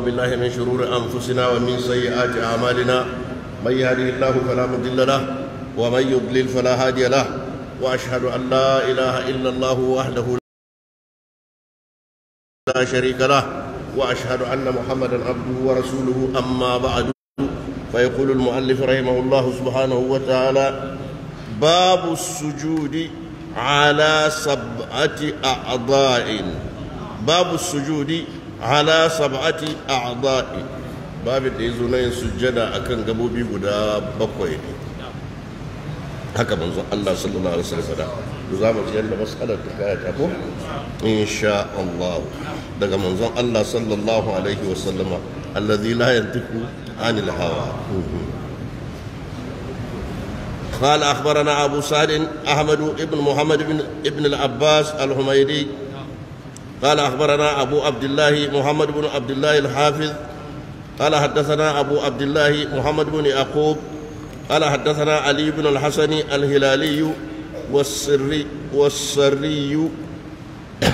بالله من شرور أنفسنا ومن سيئات أعمالنا من يهده الله فلا مضل له ومن يضلل فلا هادي له وأشهد أن لا إله إلا الله وحده لا شريك له وأشهد أن محمدا عبده ورسوله أما بعد فيقول المؤلف رحمه الله سبحانه وتعالى باب السجود على سبعة أعضاء باب السجود ala sab'ati a'dha'i Babu da yazo na yin sujjada akan gabobi guda bakwai ne haka manzo Allah sallallahu alaihi wasallam da Za mu yanda mas'alar ta kaya ta ko insha Allah daga manzon Allah sallallahu alaihi wasallama alladhi la yantiku anil hawa قال أخبرنا أبو سعد أحمد بن محمد بن ابن العباس الحميدي قال أخبرنا أبو عبد الله محمد بن عبد الله الحافظ قال حدثنا أبو عبد الله محمد بن يعقوب قال حدثنا علي بن الحسن الهلالي والسري والسري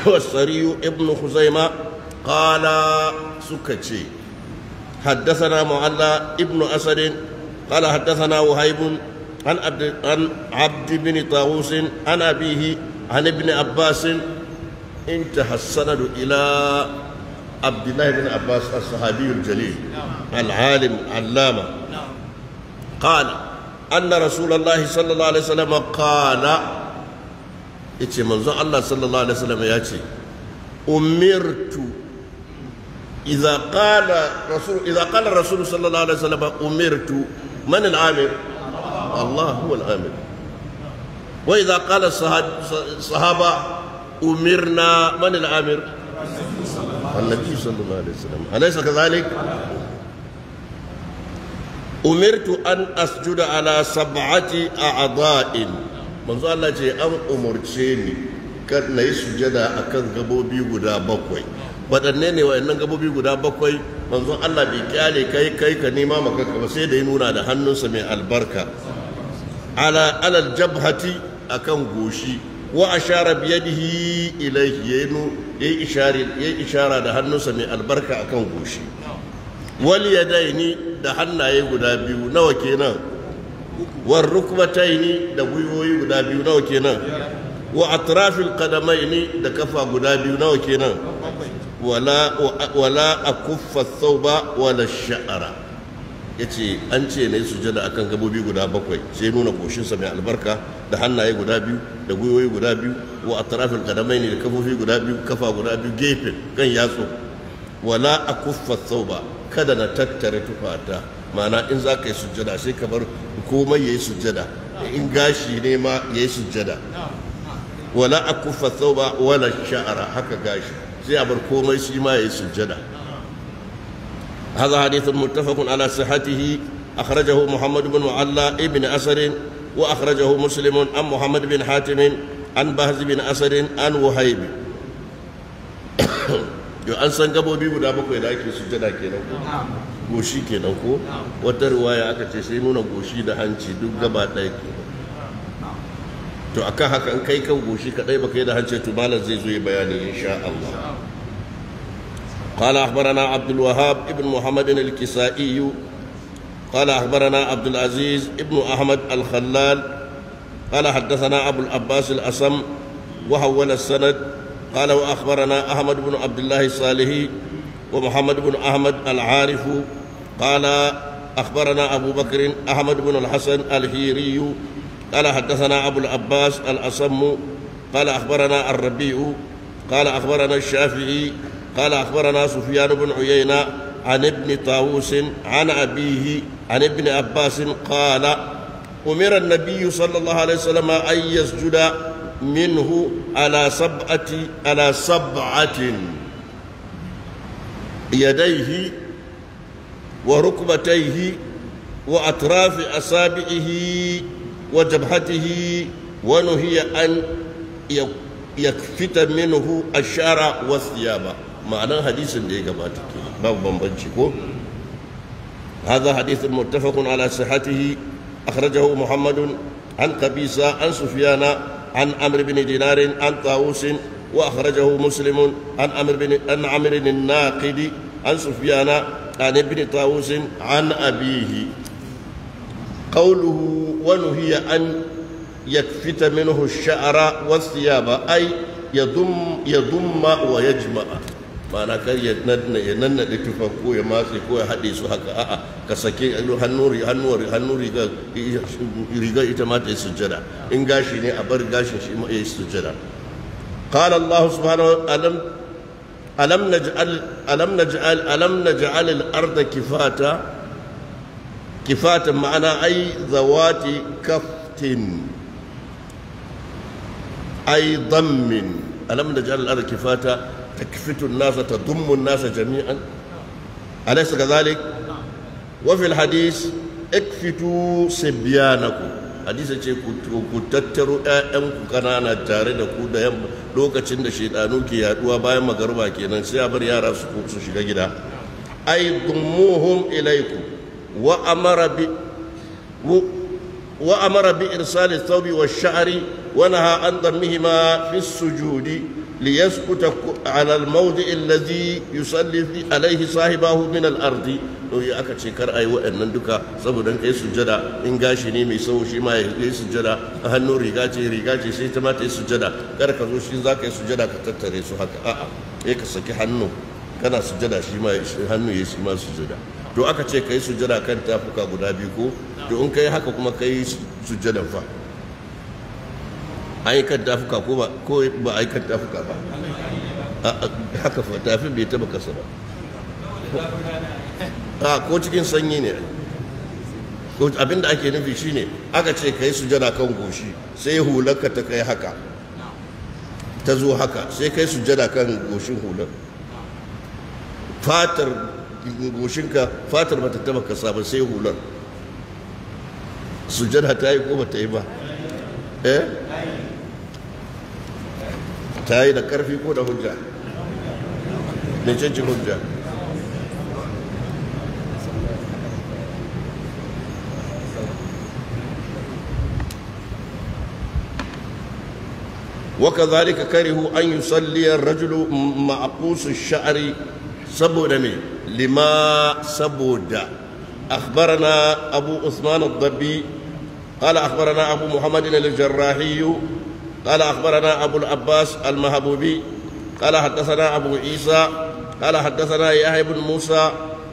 والسري ابن خزيمة قال سكتشي حدثنا معلى ابن أسد قال حدثنا وهيب عن عبد عن عبد بن طاووس عن أبيه عن ابن عباس انتهى السند إلى عبد الله بن عباس الصحابي الجليل العالم علامة قال أن رسول الله صلى الله عليه وسلم قال إتي منذ الله صلى الله عليه وسلم يأتي أمرت إذا قال رسول إذا قال الرسول صلى الله عليه وسلم أمرت من العامر؟ الله هو العامر وإذا قال الصحابة umirna man al-amir annabi sallallahu alaihi wasallam alaysa umirtu an asjuda ala sab'ati Allah ce an umurce ni kar na yi sujada akan gabobi guda bakwai waɗanne ne wa'annan gabobi guda bakwai manzo Allah bai kyale kai kai ka nema maka ba sai da ya nuna da hannunsa mai albarka ala alal jabhati akan goshi wa ashara biyadihi ilayhi yayinu yayi ya yi ishara da hannunsa mai albarka akan goshi wal yadaini da hannaye guda biyu nawa kenan war rukbataini da gwiwoyi guda biyu nawa kenan wa atrafil qadamaini da kafa guda biyu nawa kenan wala wala akuffa thawba wala sha'ara ya ce an ce na yi sujada a kan gabobi guda bakwai sai nuna koshinsa mai albarka da hannaye guda biyu da gwiwoyi guda biyu wa a tarafin kadamai ne da kafofi guda biyu kafa guda biyu gefe kan yatsu wala a kuffa ba kada na tattare tufata ma'ana in za ka yi sujada sai ka bar komai ya yi sujada in gashi ne ma ya yi sujada wala a kuffa ba wala sha'ara haka gashi sai a bar komai shi ma ya yi sujada هذا حديث متفق على صحته أخرجه محمد بن معلى ابن أسر وأخرجه مسلم عن محمد بن حاتم عن بهز بن أسر عن وهيب yau an san gabobi guda bakwai da ake sujjada kenan ko goshi kenan ko wata ruwaya aka ce sai nuna goshi da hanci duk gaba ɗaya kenan to akan haka in kai kan goshi kaɗai baka yi da hanci to malam zai zo ya bayani insha Allah قال أخبرنا عبد الوهاب ابن محمد الكسائي قال أخبرنا عبد العزيز ابن أحمد الخلال قال حدثنا أبو العباس الأسم وحول السند قال وأخبرنا أحمد بن عبد الله الصالحي ومحمد بن أحمد العارف قال أخبرنا أبو بكر أحمد بن الحسن الهيري قال حدثنا أبو العباس الأسم قال أخبرنا الربيع قال أخبرنا الشافعي قال أخبرنا سفيان بن عيينة عن ابن طاووس عن أبيه عن ابن عباس قال أمر النبي صلى الله عليه وسلم أن يسجد منه على سبعة على سبعة يديه وركبتيه وأطراف أصابعه وجبهته ونهي أن يكفت منه الشارع والثياب ma'anar hadisin da ya gabata ke babu bambanci ko هذا حديث متفق على صحته أخرجه محمد عن قبيسة عن سفيان عن عمرو بن دينار عن طاووس وأخرجه مسلم عن عمرو بن عن عمرو الناقد عن سفيان عن ابن طاووس عن أبيه قوله ونهي أن يكفت منه الشعر والثياب أي يضم يضم ويجمع ma'ana kar ya nannaɗe tufan ko ya matse ko ya haɗe su haka a'a ka sake hannun riga ita ma ta yi sujjada in gashi ne a bar gashin shi ma ya yi sujjada قال الله سبحانه ألم ألم نجعل ألم نجعل ألم نجعل الأرض كفاتا كفاتا معنى أي ذوات كفت أي ضم تكفت الناس تضم الناس جميعا أليس كذلك وفي الحديث اكفتوا صبيانكم حديث ce ku tattaro ƴaƴanku ƙanana tare da ku da yamma lokacin da shedanu ke yaduwa bayan magarba kenan sai a bar yara su su shiga gida ay dumuhum ilaykum wa amara bi wa amara bi irsali thawbi wash-sha'ri wa naha an dammihima fi sujudi ليسقط على الموضع الذي يصلي عليه صاحبه من الأرض to aka ce kar ayi waɗannan duka saboda in kai sujjada in gashi ne mai tsawo shi ma ya yi sujjada a hannun riga ce riga ce sai ta ma ta yi sujjada kar ka zo shi za ka yi sujjada ka tattare su haka a'a sai ka saki hannu kana sujjada shi ma hannu ya shi ma sujjada to aka ce kai sujjada kan tafuka guda biyu ko to in kai haka kuma kai sujjadan fa aikar tafuka ko ba ko ba aikar tafuka ba haka fa tafin bai taba kasa ba a ko cikin sanyi ne abinda ake nufi shine aka ce kai sujada kan goshi sai hularka ta kai haka ta zo haka sai kai sujada kan goshin hular fatar goshinka fatar ta taba kasa ba sai hular sujada ta yi ko ta yi ba eh ta yi da ƙarfi ko da hujja da canci hujja waka zalika karihu an yi salliyar rajulu ma'akusun sha'ari saboda ne lima saboda أخبرنا أبو عثمان الضبي قال أخبرنا أبو محمد الجراحي قال أخبرنا أبو العباس المهبوبي قال حدثنا أبو عيسى قال حدثنا يحيى بن موسى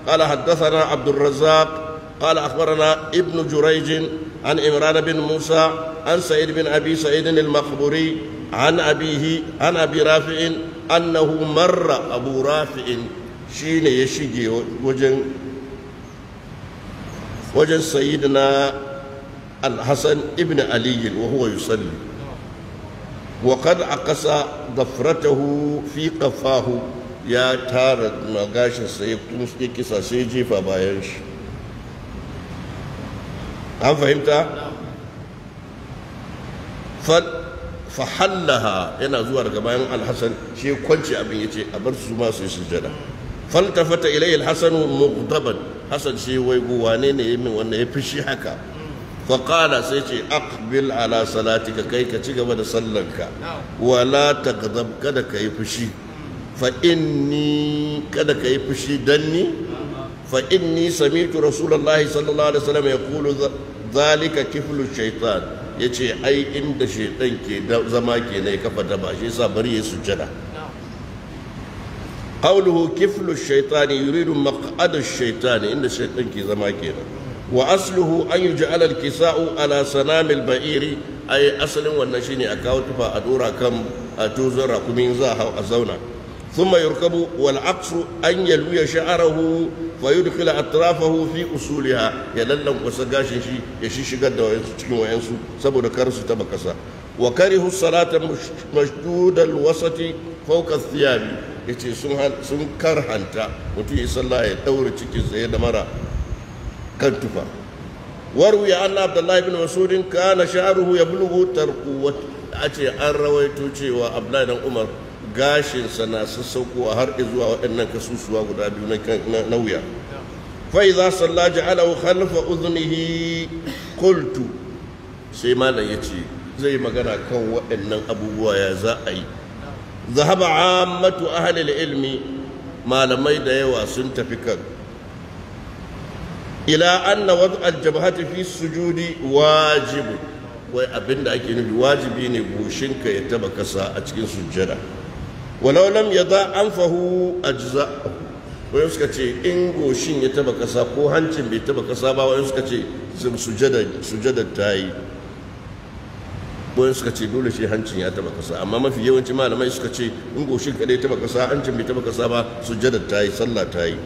قال حدثنا عبد الرزاق قال أخبرنا ابن جريج عن إمران بن موسى عن سعيد بن أبي سعيد المخبوري عن أبيه عن أبي رافع أنه مر أبو رافع شين يشجي وجن وجن سيدنا الحسن ابن علي وهو يصلي وقد عقص ضفرته في قفاه يا تار نغاشن سيكتوس يكسا سيجي فبايش هل فهمت؟ فل فحلها هنا زوار كمان الحسن شيء كنت أبي يتي أبرز ما سيسجده فالتفت إليه الحسن مغضبا حسن شيء ويقوانين من وأنه يفشي حكا faƙala sai ce aqbil ala salatika kai ka ci gaba da sallanka wala taqdab kada ka yi fushi fa inni kada ka yi fushi dan ni fa inni sami'tu rasulullahi sallallahu alaihi wasallam yaqulu zalika kiflu shaitan yace ai inda shaitan ke zama ke ne kafa daba shi yasa bari ya sujjada qawluhu kiflu shaitani yuridu maq'ada inda shaitan ke zama kenan وأصله أن يجعل الكساء على سنام البعير أي أصل والنشين أكاوتفا أدورا كم أتوزر كمين زاها أزونا ثم يركب والعقص أن يلوي شعره فيدخل أطرافه في أصولها يللم وسقاشي يشيش قد وينسو وينسو سبو كرس تبكسا وكره الصلاة مشدود الوسط فوق الثياب يتي سنكرهنتا وتي صلى يدور تكي زيد مرة kan tufa waru وروي أن عبد الله بن مسعود كان شعره يبلغ ترقوة A ce an rawaito cewa بن عمر gashin sa na sassauko a har zuwa waɗannan kasusuwa guda biyu na wuya fa idza salla ja'alahu khalfa udhnihi qultu sai malam yace zai magana kan waɗannan abubuwa ya za a yi zahaba a ahli ilmi malamai da yawa sun tafi kan ila anna wadu aljabhati fi sujudi wajib wai abinda ake nufi wajibi ne goshinka ya taba kasa a cikin sujjada walau lam yada anfahu ajza wai suka ce in goshin ya taba kasa ko hancin bai taba kasa ba wai suka ce sujjada sujjada tayi wai suka ce dole shi hancin ya taba kasa amma mafi yawanci malamai suka ce in goshin kadai taba kasa hancin bai taba kasa ba sujjada tayi sallah tayi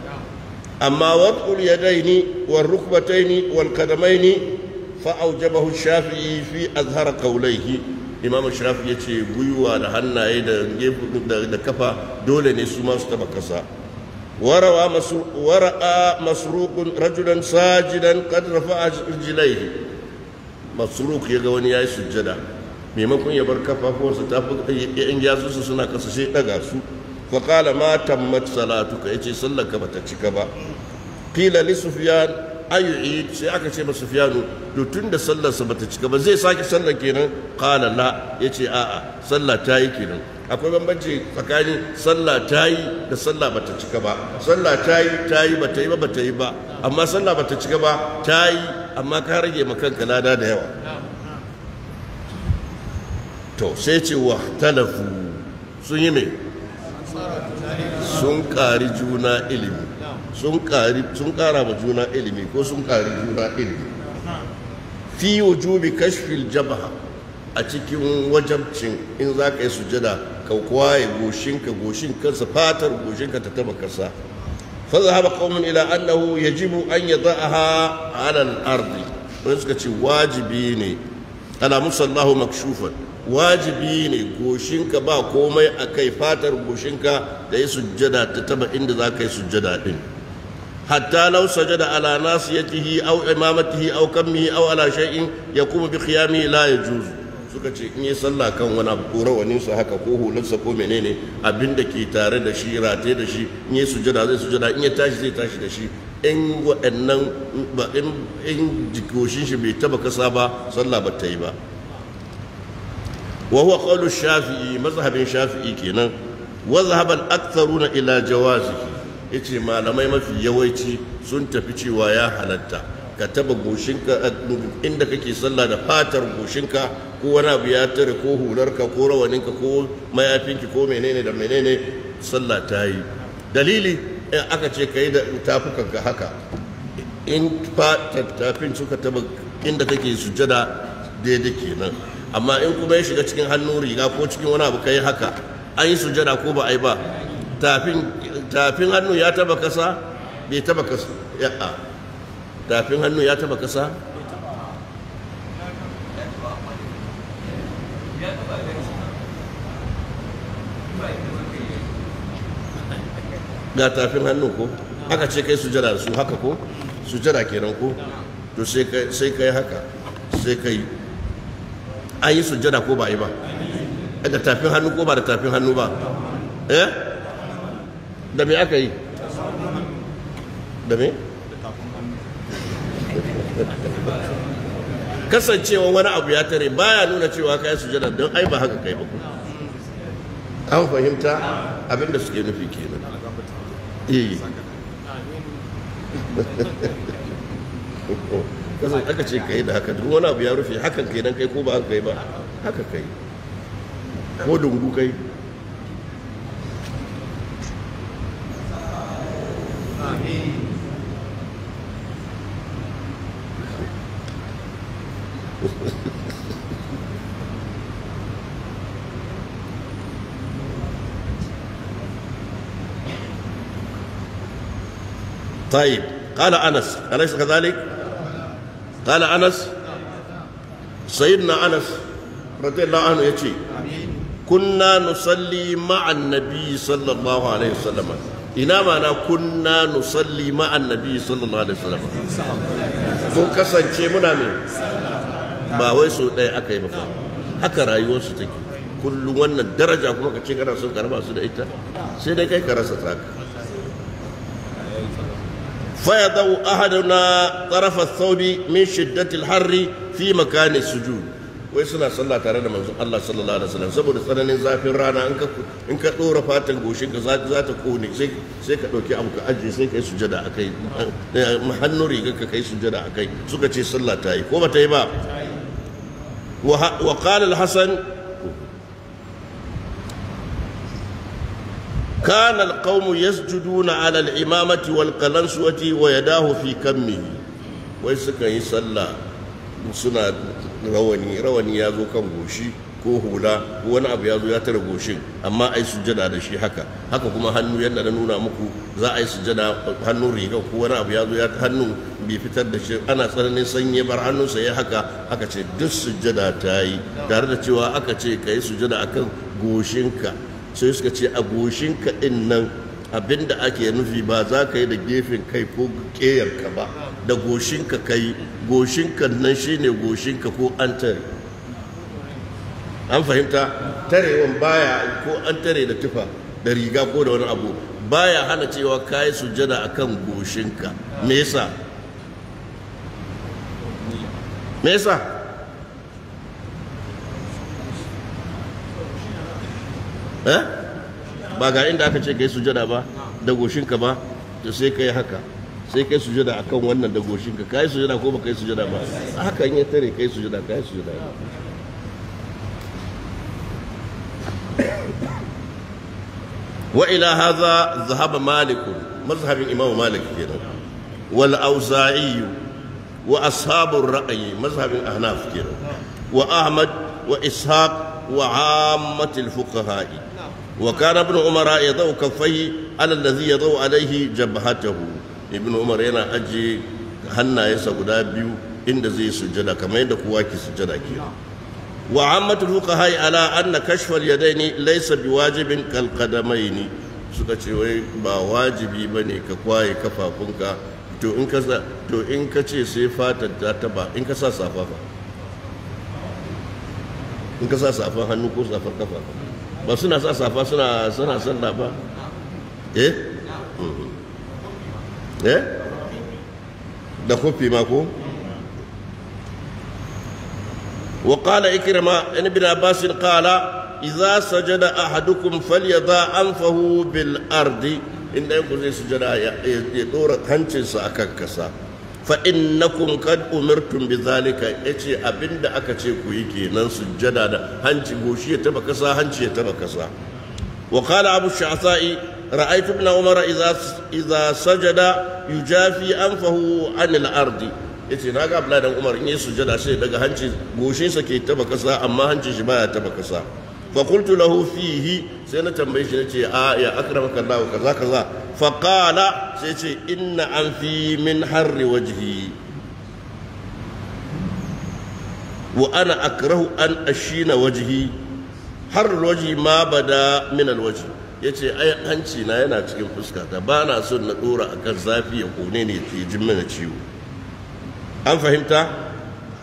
amma wadul yadaini wal rukbataini wal kadamaini fa aujabahu a fi azhar qawlayhi imam shafi yace guyuwa da hannaye da da kafa dole ne su ma su taba kasa warawa masu waraa masrukun rajulan sajidan qad rafa'a rijlayhi masruk yaga wani yayi sujjada maimakon ya bar kafafuwarsa ta fi yan suna kasa sai daga su fa qala ma ya salatuka yace sallarka bata cika ba qila li sufyan sai aka ce ma sufyanu to tunda sallarsa bata cika ba zai sake sallar kenan qala la yace a'a sallah ta yi kenan akwai bambanci tsakanin sallah ta yi da sallah bata cika ba sallah ta yi ta yi bata yi ba bata yi ba amma sallah bata cika ba ta yi amma ka rage ma kanka lada da yawa to sai ce wa talafu sun yi mai sun ƙari juna ilimi sun ƙara ma juna ilimi ko sun ƙari juna ilimi fi wujubi kashfil jabaha a cikin wajabcin in za ka yi sujada ka kwaye goshinka goshin kansa fatar goshinka ta taba kasa ila فذهب قوم إلى أنه يجب أن ardi wani suka ce wajibi ne ala musallahu makshufan wajibi ne goshinka ba komai a kai fatar goshinka da yi sujjada ta taba inda za ka yi sujjada din hatta lau sajada ala tihi au imamatihi au kammihi au ala shay'in kuma bi khiyami la juzu suka ce in yi sallah kan wani abu ko haka ko hulunsa ko menene abinda ke tare da shi rate da shi in yi sujjada zai sujjada in ya tashi zai tashi da shi in waɗannan in goshin shi bai taba kasa ba sallah ba ta yi ba wa huwa qawlu shafi'i mazhabin shafi'i kenan wa aksaru na aktharuna ila jawazihi yace malamai mafi yawanci sun tafi cewa ya halatta ka taba goshinka inda kake sallah da fatar gushinka ko wani abu ya tare ko hularka ko rawaninka ko mayafinki ko menene da menene sallah ta yi dalili in aka ce ka yi da tafukanka haka in tafin suka taba inda kake sujada daidai kenan amma in kuma ya shiga cikin hannun riga ko cikin wani abu kai haka an yi sujada ko ba a yi ba tafin hannu ya taba kasa bai taba kasa ya'a tafin hannu ya taba kasa ga tafin hannu ko haka ce kai sujada da su haka ko sujada kenan ko to sai kai haka sai kai an yi sujjada ko ba yi ba da tafin hannu ko ba da tafin hannu ba eh da me aka yi da me kasancewa wani abu ya tare baya nuna cewa ka yi sujjada don ai ba haka kai ba an fahimta abin da suke nufi kenan eh kasan aka ce kai da haka duk wani abu ya rufe hakan kai nan kai ko ba haka kai ba haka kai ko dungu kai طيب قال انس اليس كذلك؟ قال أنس سيدنا أنس رضي الله عنه يتي كنا نصلي مع النبي صلى الله عليه وسلم ina mana kunna nusalli ma'an nabi sallallahu alaihi wasallam mun kasance muna me ba wai so ɗaya aka yi ba haka rayuwarsu take kullum wannan daraja kuma ka ce kana son karba su da ita sai dai kai ka rasa taka فيضع أحدنا طرف الثوب من شدة الحر في مكان السجود ويسنا صلى تare da manzon Allah sallallahu alaihi wasallam saboda tsananin zafin rana in ka in ka dora fatan goshin ka za ta kone sai sai ka dauki abu ka aje sai kai sujada akai hannu riga ka kai sujada akai suka ce sallah tayi ko ba ta yi ba wa hassan. كان القوم يسجدون على الإمامة والقلنسوة ويداه في كمه yi يصلى suna rawani rawani ya zo kan goshi ko hula ko wani abu ya zo ya tara goshin amma ai jada da shi haka haka kuma hannu yadda na nuna muku za a yi jada hannun riga ko wani abu ya zo ya hannun bai fitar da shi ana tsananin sanyi bar hannunsa ya haka aka ce duk jada ta yi tare da cewa aka ce ka yi jada akan goshinka sai suka ce a goshinka ka din nan abinda ake nufi ba za ka yi da gefen kai ko ka ba da goshin kai goshin nan shine goshin ko an tare an fahimta tarewan baya ko an tare da tufa da riga ko da wani abu baya hana cewa kayi sujada akan goshinka me yasa me yasa eh ba ga inda aka ce kai sujada ba da goshinka ba to sai kai haka sai kai sujada akan wannan da goshinka kai sujada ko ba kai sujada ba haka hakan ya tare kai sujada kai sujada wa ila hadha zahaba malik mazhabin imam malik kenan wal auza'i wa ashabur ra'yi mazhabin ahnaf kenan wa ahmad wa ishaq wa ammatul fuqaha'i وكان ابن عمر يضع كفيه على الذي يضع عليه جبهته ابن عمر yana ajiye hannayensa guda biyu inda zai sujjada kamar yadda kowa ke sujjada ke wa ammatul fuqaha ala anna kashfal yadaini laysa biwajibin kal qadamaini suka ce wai ba wajibi ne ka kwaye kafafunka to in ka to in ka ce sai fatar ta taba in ka sa in ka sa safan hannu ko safar kafa ba suna sa safa suna suna sallah eh? ba mm-hmm. eh da kofi ma ko wa qala ikrama ibn bin abbas qala idza sajada ahadukum falyadha anfahu bil ardi in dai ku zai sujada ya dora hancinsa akan kasa fa innakum qad umirtum bi zalika ce abinda aka ce ku yi kenan sujjada da hanci goshi ya taba kasa hanci ya taba kasa wa qala abu sha'sa'i ra'aytu ibn Umar, idza idza sajada yujafi anfahu an al-ard yace na ga abdullahi dan umar in yi sujjada sai daga hanci goshin sa ke taba kasa amma hanci shi baya taba kasa fa qultu lahu sai na tambaye shi nace a ya akramaka Allah kaza kaza fa sai ce inna an fi min harri wajhi wa ana akrahu an ashina ma min yace ai hanci na yana cikin fuska ta ba na son na dora akan zafi ya kone ne ke jin mana ciwo an fahimta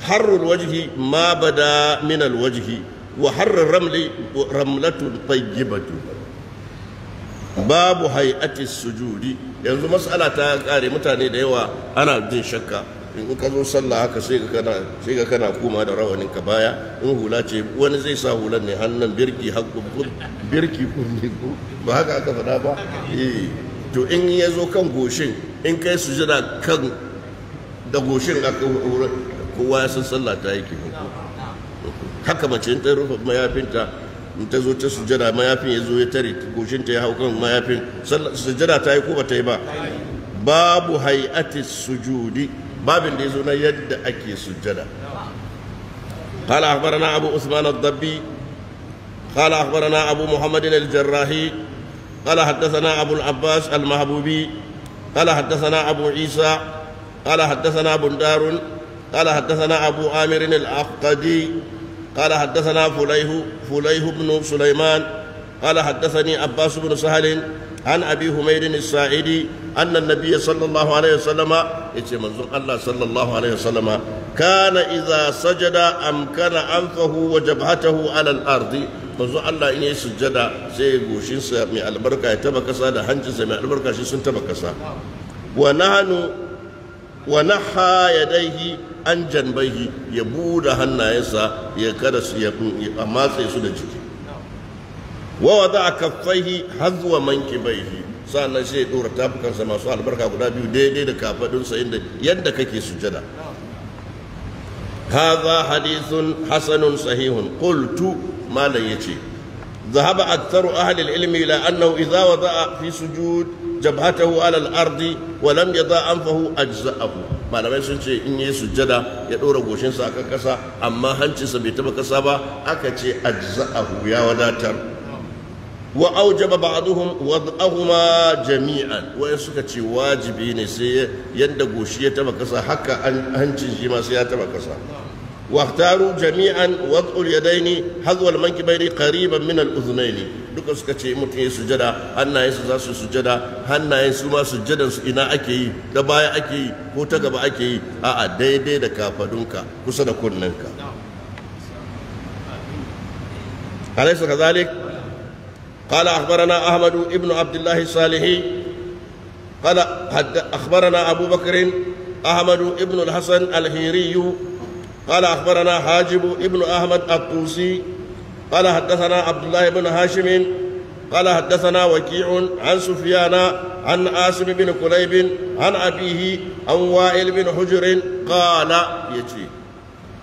harrul wajhi ma bada min alwajhi وحر الرمل رملة طيبة باب هيئة السجود yanzu matsala ta kare mutane da yawa ana jin shakka in ka zo sallah haka sai ka kana sai ka kana kuma da rawanin ka baya in hula ce wani zai sa hulan ne hannun birki hakkun birki kunne ko ba haka aka faɗa ba eh to in ya zo kan goshin in kai sujada kan da goshin aka kowa ya san sallah ta yake ko haka mace in ta rufe mayafinta in ta zo ta sujada mayafin ya zo ya tare goshinta ya hau kan mayafin sujada ta yi ko ba ta yi ba babu hay'ati sujudi babin da ya zo na yadda ake sujada قال أخبرنا أبو عثمان الضبي قال أخبرنا أبو محمد الجراحي قال حدثنا أبو العباس المهبوبي قال حدثنا أبو عيسى قال حدثنا بندار قال حدثنا أبو عامر العقدي قال حدثنا فليه فليه بن سليمان قال حدثني عباس بن سهل عن أبي همير الساعدي أن النبي صلى الله عليه وسلم الله صلى الله عليه وسلم كان إذا سجد أمكن أنفه وجبهته على الأرض manzo Allah in yayi sujjada sai goshin sa mai albarka ya taba kasa da hancin sa mai albarka shi sun taba kasa wa nahnu wa naha daihi an janbahi ya bude hannayensa ya kada su ya matse su da jiki wa za a wada kaffaihi manki mankibaihi sannan shi ya ɗora tafukansa masu albarka guda biyu daidai da kafadunsa inda yadda kake sujada هذا Hassanun sahihun صحيح قلت ما لا zahaba ذهب أكثر أهل العلم إلى أنه إذا وضع في سجود jabhatahu ala al-ardi wa lam yada anfahu ajza'ahu malamai sun ce in yi sujjada ya dora goshin sa kan kasa amma hancinsa bai taba kasa ba aka ce ajza'ahu ya wadatar wa aujaba ba'dhum wad'ahuma jami'an wai suka ce wajibi ne sai yanda goshi ya taba kasa haka hancin shi ma sai ya taba kasa واختاروا جميعا وضع اليدين حذو المنكبين قريبا من الاذنين duka suka ce mutum ya sujada hannayensu za su sujada hannayen su ma sujadan su ina ake yi da baya ake yi ko ta gaba ake yi a'a daidai da kafadunka kusa da kunnenka alaysa kadhalik qala akhbarana ahmad ibn abdullah salihi qala akhbarana abu bakr ahmad ibn al-hasan al-hiri قال أخبرنا حاجب ابن أحمد الطوسي قال حدثنا عبد الله بن هاشم قال حدثنا وكيع عن سفيان عن آسم بن كليب عن أبيه عن وائل بن حجر قال يجي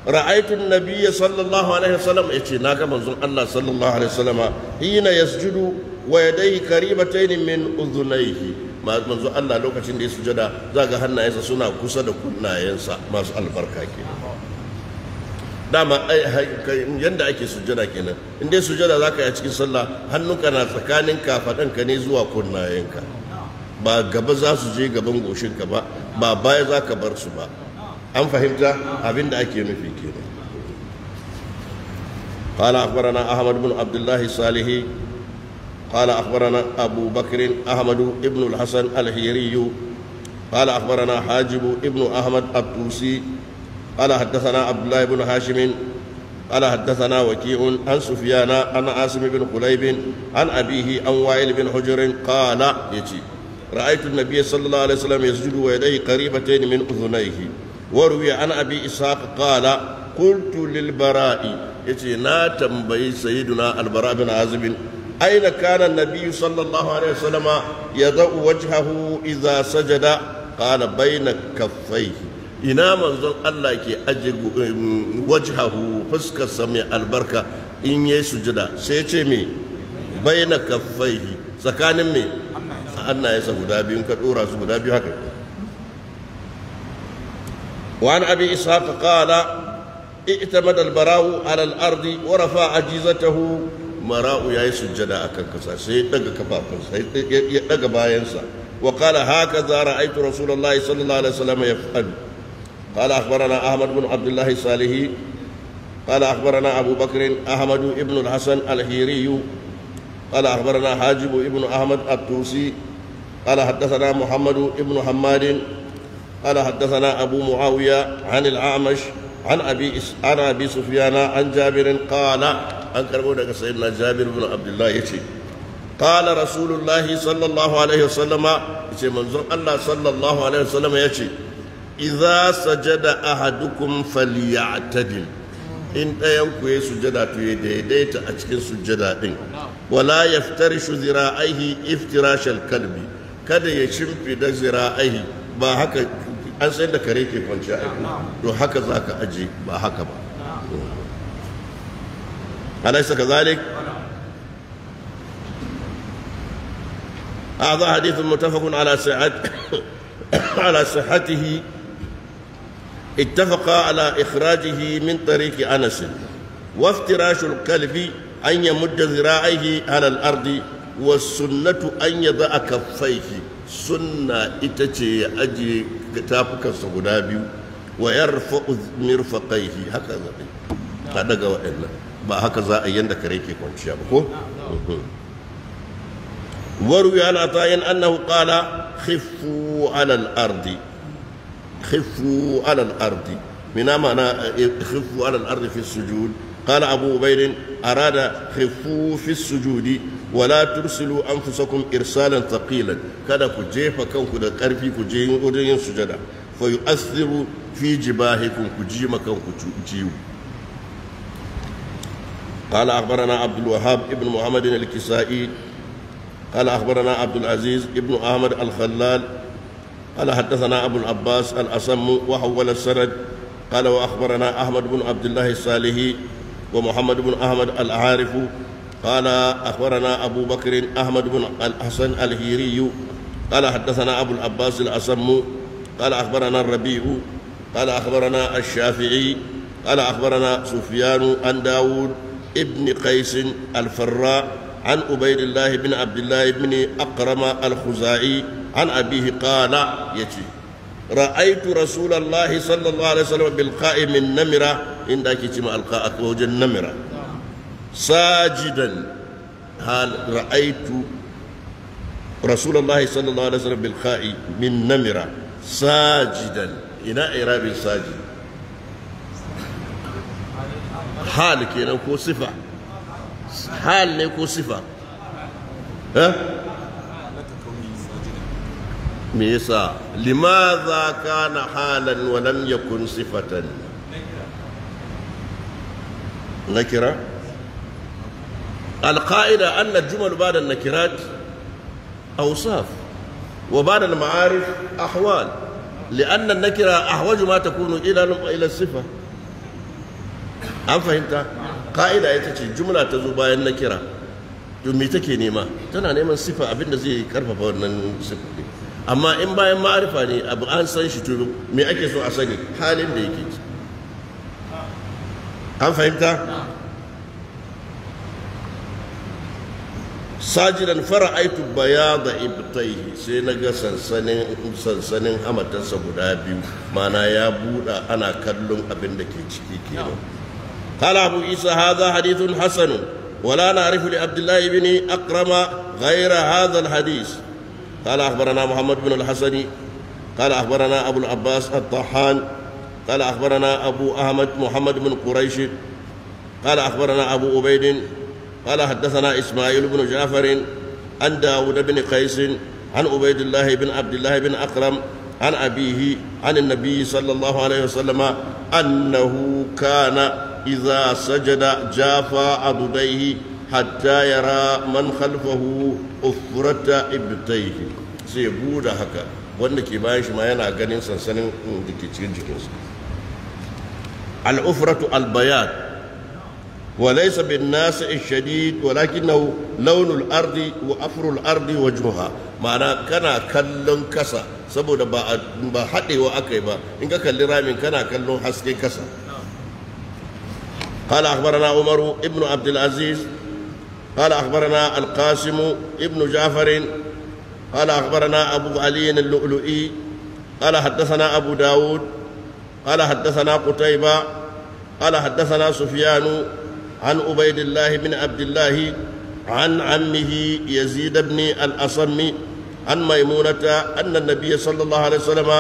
رأيت النبي صلى الله عليه وسلم يجي ناك منظر الله صلى الله عليه وسلم حين يسجد ويديه كريمتين من أذنيه manzo Allah lokacin da ya sujada za ga hannayensa suna kusa da kunnayensa masu albarka kenan dama yadda ake sujada kenan in dai sujada zaka yi a cikin sallah hannunka na tsakanin kafaɗanka ne zuwa kunnayenka ba gaba za su je gaban goshinka ba ba baya za ka bar su ba an fahimta abin da ake nufi kenan قال أخبرنا أحمد بن عبد الله الصالح قال أخبرنا أبو بكر أحمد بن الحسن الهيري قال أخبرنا حاجب بن أحمد الطوسي قال حدثنا عبد الله بن هاشم قال حدثنا وكيع عن سفيان عن عاصم بن قليب عن أبيه عن وائل بن حجر قال يتي رأيت النبي صلى الله عليه وسلم يسجد ويديه قريبتين من أذنيه وروي عن أبي إسحاق قال قلت للبراء يتي نا تنبي سيدنا البراء بن عازب أين كان النبي صلى الله عليه وسلم يضع وجهه إذا سجد قال بين كفيه ina manzon Allah ke aje eh, mm, wajhahu fuskarsa mai albarka in yi sujuda sai ce me baina kaffaihi tsakanin me hannayensa guda biyu ka dora su guda biyu haka وعن أبي إسحاق قال اعتمد البراء على الأرض ورفع عجيزته مراء يا سجدا أكن كسا سيدنا كفافن باينسا وقال هكذا رأيت رسول الله صلى الله عليه وسلم يفعل قال أخبرنا أحمد بن عبد الله الصالحي قال أخبرنا أبو بكر أحمد بن الحسن الهيري قال أخبرنا حاجب بن أحمد التوسي قال حدثنا محمد بن حماد قال حدثنا أبو معاوية عن الأعمش عن أبي إس... عن أبي سفيان عن جابر قال أن كربونك سيدنا جابر بن عبد الله يتي قال رسول الله صلى الله عليه وسلم يتي منظر الله صلى الله عليه وسلم يتي idza sajada ahadukum falyatadil in ɗayan ku yayi sujada to ya daidaita a cikin sujada ɗin. wala yaftarishu zira'aihi iftirashal kalbi kada ya shimfida zira'aihi ba haka an sayar da kare ke kwanciya aiki to haka za ka aji ba haka ba alaisa ka zalik هذا حديث متفق على صحته على صحته اتفقا على إخراجه من طريق أنس وافتراش الكلب أن يمد ذراعيه على الأرض والسنة أن يضع كفيه سنة إتتي أجي كتابك الصغنابي ويرفع مرفقيه هكذا هذا وإلا ما هكذا أين ذكريك كنت شابكو وروي عن عطاء أنه قال خفوا على الأرض خفوا على الأرض من معنى خفوا على الأرض في السجود قال أبو عبيد أراد خفوا في السجود ولا ترسلوا أنفسكم إرسالا ثقيلا كذا كجيفة كون كذا كرفي كجين أدين سجدا فيؤثر في جباهكم كجيما كون كجيو قال أخبرنا عبد الوهاب ابن محمد الكسائي قال أخبرنا عبد العزيز ابن أحمد الخلال قال حدثنا أبو العباس الأسم وحول السرد قال وأخبرنا أحمد بن عبد الله الصالحي ومحمد بن أحمد العارف قال أخبرنا أبو بكر أحمد بن الحسن الهيري قال حدثنا أبو العباس الأسم قال أخبرنا الربيع قال أخبرنا الشافعي قال أخبرنا سفيان عن داود ابن قيس الفراء عن عبيد الله بن عبد الله بن أقرم الخزاعي an abihi ya ce. ra'aitu rasulullahi sallallahu alaihi wasallam bil qa'imin namira namira sajidan hal ra'aitu rasulullahi sallallahu alaihi wasallam namira sajidan ina hal ne ko sifa me yasa limaza kana halan wa lam yakun sifatan nakira القاعدة أن الجمل بعد النكرات أوصاف وبعد المعارف أحوال لأن النكرة أحوج ما تكون إلى إلى الصفة an fahimta ka'ida ita ce jumla ta zo bayan na kira to me take nema tana neman sifa abinda zai karfafa wannan amma in bayan ma'arifa ne abu an san shi to me ake so a sani halin da yake ci an fahimta sajidan baya da ibtaihi sai na ga sansanin sansanin amatansa guda biyu mana ya buɗa ana kallon abin da ke ciki kenan kala abu isa hadha hadithun hassanu wala na na'rifu li abdullahi ibn akrama ghaira hadha al قال أخبرنا محمد بن الحسن قال أخبرنا أبو العباس الطحان قال أخبرنا أبو أحمد محمد بن قريش قال أخبرنا أبو عبيد قال حدثنا إسماعيل بن جعفر عن داود بن قيس عن عبيد الله بن عبد الله بن أكرم عن أبيه عن النبي صلى الله عليه وسلم أنه كان إذا سجد جافى عضديه hatta yara man khalfahu ufrata ibtayhi sai ya buda haka wanda ke bayan shi ma yana ganin sansanin mm, da ke cikin jikinsa al-ufratu al-bayat وليس بالناس launul-ardi wa afrul ardi الارض وجهها Ma'ana kana kallon kasa, saboda ba ba hadewa akai ba in ka kalli ramin kana kallon haske kasa قال اخبرنا عمر ابن عبد العزيز قال أخبرنا القاسم ابن جعفر قال أخبرنا أبو علي اللؤلؤي قال حدثنا أبو داود قال حدثنا قتيبة قال حدثنا سفيان عن عبيد الله بن عبد الله عن عمه يزيد بن الأصم عن ميمونة أن النبي صلى الله عليه وسلم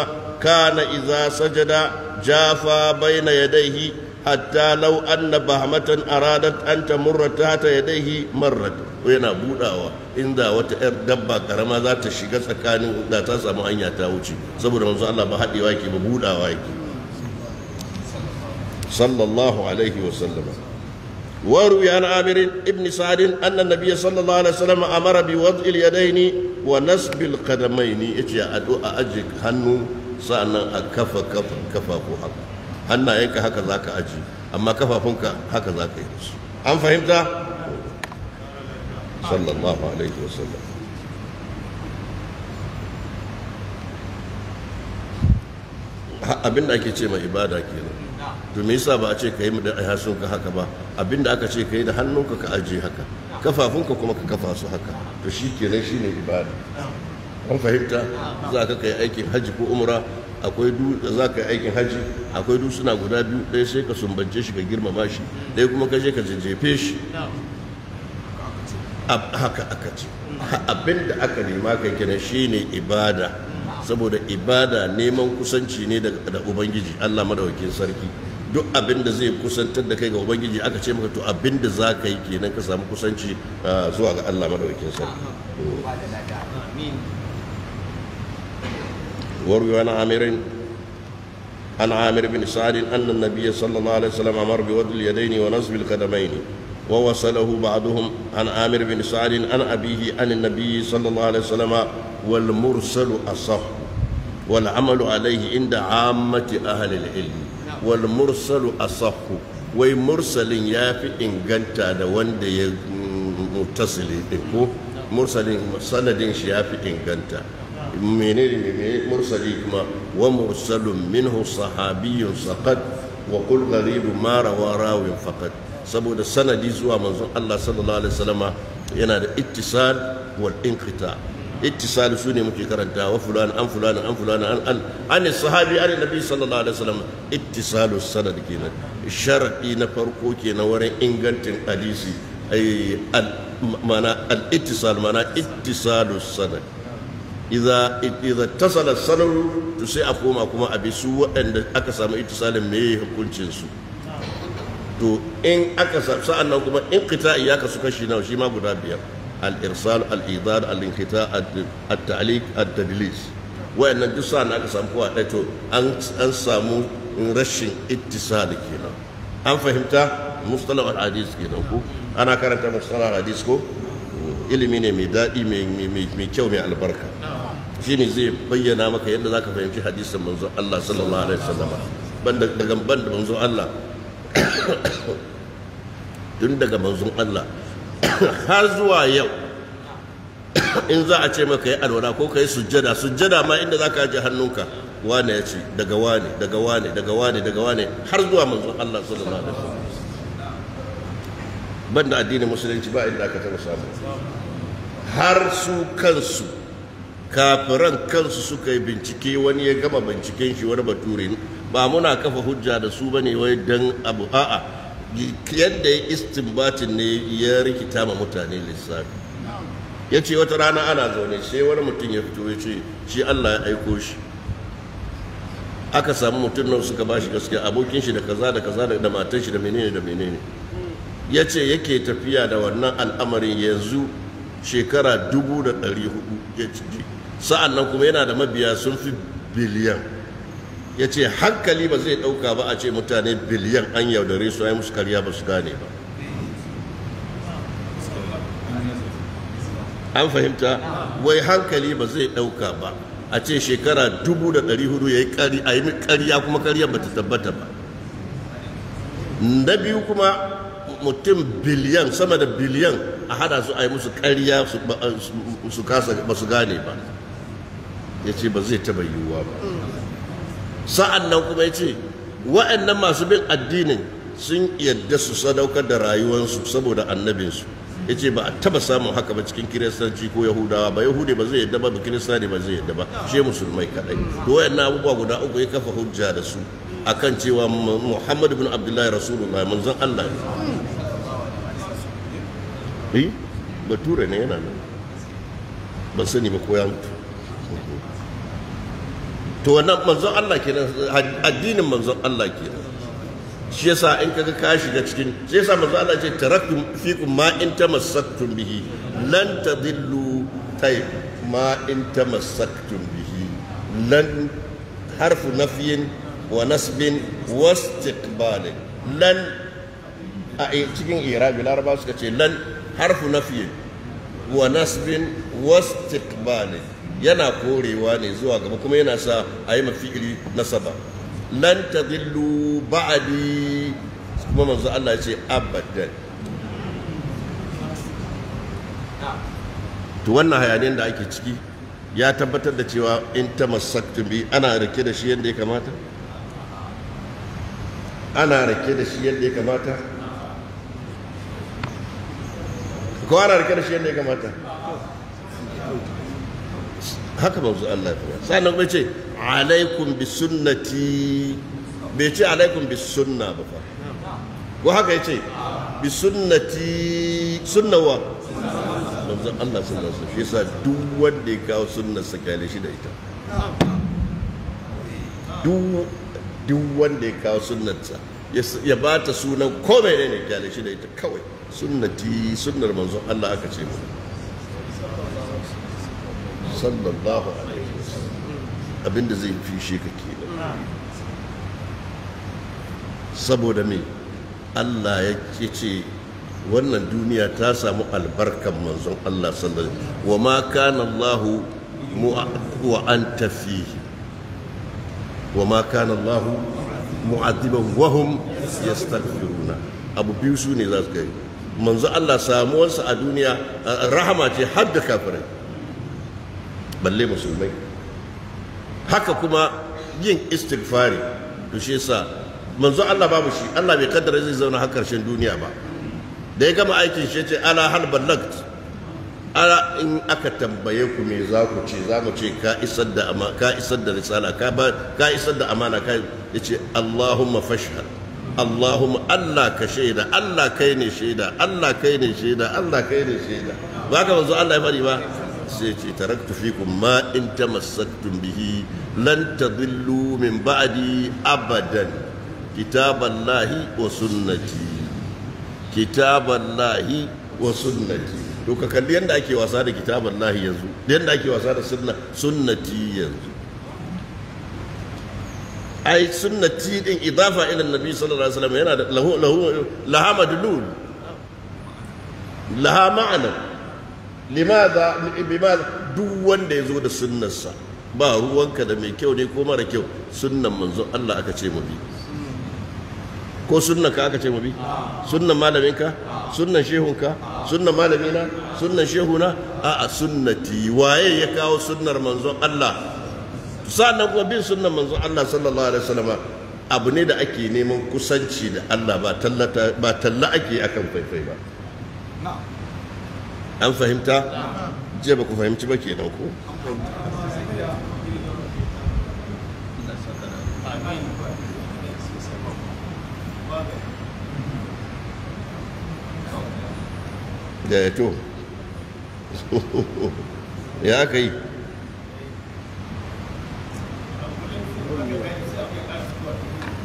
كان إذا سجد جافى بين يديه hatta lau anna bahmatan aradat an tamurra ta yadaihi marrat yana budawa inda wata yar dabba karama za ta shiga tsakanin da ta samu hanya ta wuce saboda manzo Allah ba hadewa yake ba budawa yake sallallahu alaihi wa sallama وروي عن عامر بن سعد ان wa صلى الله عليه وسلم امر بوضع اليدين ونسب القدمين اجي ادعو اجك هنو سانا اكفى كفى كفى حق hannayenka haka za ka aji amma kafafunka haka za ka yi su an fahimta sallallahu alaihi wasallam abinda ake ce mai ibada kenan domin me yasa ba a ce ka yi da ka haka ba abinda aka ce ka yi da hannunka ka aje haka kafafunka kuma ka kafa su haka to shi kenan shine ibada an fahimta za ka kai aikin hajji ko umra akwai du da za ka yi aikin haji akwai dutsuna guda biyu ɗaya sai ka sumbance shi ka girmama shi ɗaya kuma ka je ka jajjefe shi haka aka ce abin da aka nema kai kenan ne ibada saboda ibada neman kusanci ne da ubangiji Allah madawakin sarki duk abin da zai kusantar da kai ga ubangiji aka ce maka to abin da za ka yi kenan ka samu kusanci ah, zuwa ga Allah madawakin sarki وروي عن عامر عن عامر بن سعد أن النبي صلى الله عليه وسلم أمر بوضع اليدين ونصب القدمين ووصله بعضهم عن عامر بن سعد عن أبيه عن النبي صلى الله عليه وسلم والمرسل أصح والعمل عليه عند عامة أهل العلم والمرسل أصح ومرسل يافي إن قلت هذا وند متصل مرسل سند يافي إن قلت menene ne mursali kuma wa mursalun minhu sahabiyun saqat wa qul gharibu ma rawa rawin faqat saboda sanadi zuwa manzon Allah sallallahu alaihi wasallama yana da ittisal wal inqita ittisal su ne muke karanta wa fulan an fulan an fulan an an an sahabi an nabi sallallahu alaihi wasallam ittisalu sanad kenan sharadi na farko kenan wurin ingantin hadisi ai al mana al ittisal mana ittisalu sanad iza iza tasala sanaru to sai a koma kuma a bi su waɗanda aka samu itisalin me hukuncin su to in aka sa'an nan kuma in iya ka suka shi nawa shi ma guda biyar al-irsal al-idad al-inqita at-ta'liq at-tadlis wayannan duk sa'annan aka samu kowa ɗaya to an samu rashin ittisali kenan an fahimta mustalah al-hadis kenan ko ana karanta mustalah al-hadis ko ilimi ne mai daɗi mai kyau mai albarka shine zai bayyana maka yadda zaka fahimci hadisin manzo Allah sallallahu alaihi wasallam banda daga banda manzo Allah tun daga manzo Allah har zuwa yau in za a ce maka yi alwala ko ka yi sujjada sujjada ma inda za ka ji hannunka wane ya ce daga wane daga wane daga wane daga wane har zuwa manzo Allah sallallahu alaihi wasallam banda addinin musulunci ba inda aka taba samu har su kansu kafiran kansu suka yi bincike wani ya gama binciken shi wani bature ba muna kafa hujja da su bane wai dan abu a'a yadda ya istinbatin ne ya rikita ma mutane lissafi ya ce wata rana ana zaune sai wani mutum ya fito ya ce shi Allah ya aiko shi aka samu mutum nan suka ba shi gaskiya abokin shi da kaza da kaza da matan shi da menene da menene ya ce yake tafiya da wannan al'amarin yanzu shekara dubu da ɗari hudu ya ci sa'an nan kuma yana da mabiya sun fi biliyan ya ce hankali ba zai ɗauka ba a ce mutane biliyan an yaudare su ai musu karya ba su gane ba an fahimta wai hankali ba zai ɗauka ba a ce shekara dubu da ɗari hudu ya yi karya kuma karya ba ta tabbata ba na biyu kuma mutum biliyan sama da biliyan a hada su a yi musu karya su kasa ba su gane ba ya ce ba zai taɓa yiwuwa ba sa'an nan kuma ya ce wa'annan masu bin addinin sun yadda su sadaukar da rayuwarsu saboda annabinsu ya ce ba a taba samun haka ba cikin kiristanci ko yahudawa ba yahudi ba zai yadda ba ba kirista ba zai yadda ba shi musulmai kadai to wayannan abubuwa guda uku ya kafa hujja da su akan cewa muhammadu bin abdullahi rasulullah manzon allah ne eh bature ne yana nan ban sani ba ko ya mutu to wannan manzon Allah kenan addinin manzon Allah kenan shi yasa in kaga ka shiga cikin shi yasa manzon Allah ce taraktum fikum ma in tamassaktum bihi lan tadillu tay ma in tamassaktum bihi lan harfu nafyin wa nasbin wa istiqbalin lan a e, cikin irabi laraba suka ce lan harfu na fiye wa nasbin wastiqbalin yana korewa ne zuwa gaba kuma yana sa a yi mafi'ili nasaba lan tadillu ba'adi kuma manzo Allah ya ce abadan to wannan hayanin da ake ciki ya tabbatar da cewa in masakta bi ana rike da shi yadda ya kamata ana rike da shi yadda ya kamata Gwarar karshe ne ga mata kamata haka manzo Allah ya sannan kuma ce alaikum bi sunnati bai ce alaikum bi sunna ba fa ko haka ya ce bi sunnati sunnawa manzo Allah sallallahu alaihi wasallam shi yasa duk wanda ya kawo sunnar sa kyale shi da ita duk wanda ya kawo sa ya ba ta sunan komai ne kyale shi da ita kawai sunnati sunnar manzon Allah aka ce sallallahu alaihi wasallam abinda zai fi shi ka kenan saboda me Allah ya ce wannan duniya ta samu albarkan manzon Allah sallallahu alaihi wa ma kana Allah wa anta fihi wa ma kana Allah mu'adiban wahum yastaghfiruna abu biyu su ne za su kai manzo Allah samuwarsa a duniya rahama ce har da kafirai balle musulmai haka kuma yin istighfari to shi yasa manzo Allah babu shi Allah bai kaddara zai zauna har karshen duniya ba da ya gama aikin shi ce ala hal ballagt ala in aka tambaye ku me za ku ce za mu ce ka isar da ka isar da risala ka ka isar da amana ka yace Allahumma fashhad Allahumma Allah ka shaida Allah kai ne shaida Allah kai ne shaida Allah kai ne shaida ba ka manzo Allah ya fari ba sai ce taraktu fikum ma in ta tamassaktum bihi lan zillu min ba'di abadan lahi wa sunnati lahi wa sunnati to ka kalli yadda ake wasa da lahi yanzu yadda ake wasa da sunnati yanzu ai sunnati din idafa ila annabi sallallahu alaihi wasallam yana da lahu lahu laha madlul laha ma'ana limadha bimadha duk wanda yazo da sunnarsa ba ruwanka da mai kyau ne ko mara kyau sunnan manzon Allah aka ce mu bi ko sunnan ka aka ce mu bi sunnan malaminka sunnan shehunka sunnan malamina sunnan shehuna a'a sunnati waye ya kawo sunnar manzon Allah sannan kuma bin sunnan manzon Allah sallallahu alaihi wasallam abu ne da ake neman kusanci da Allah ba tallata ba talla ake akan faifai ba an fahimta je ba ku fahimci ba kenan ko da ya to ya kai. yi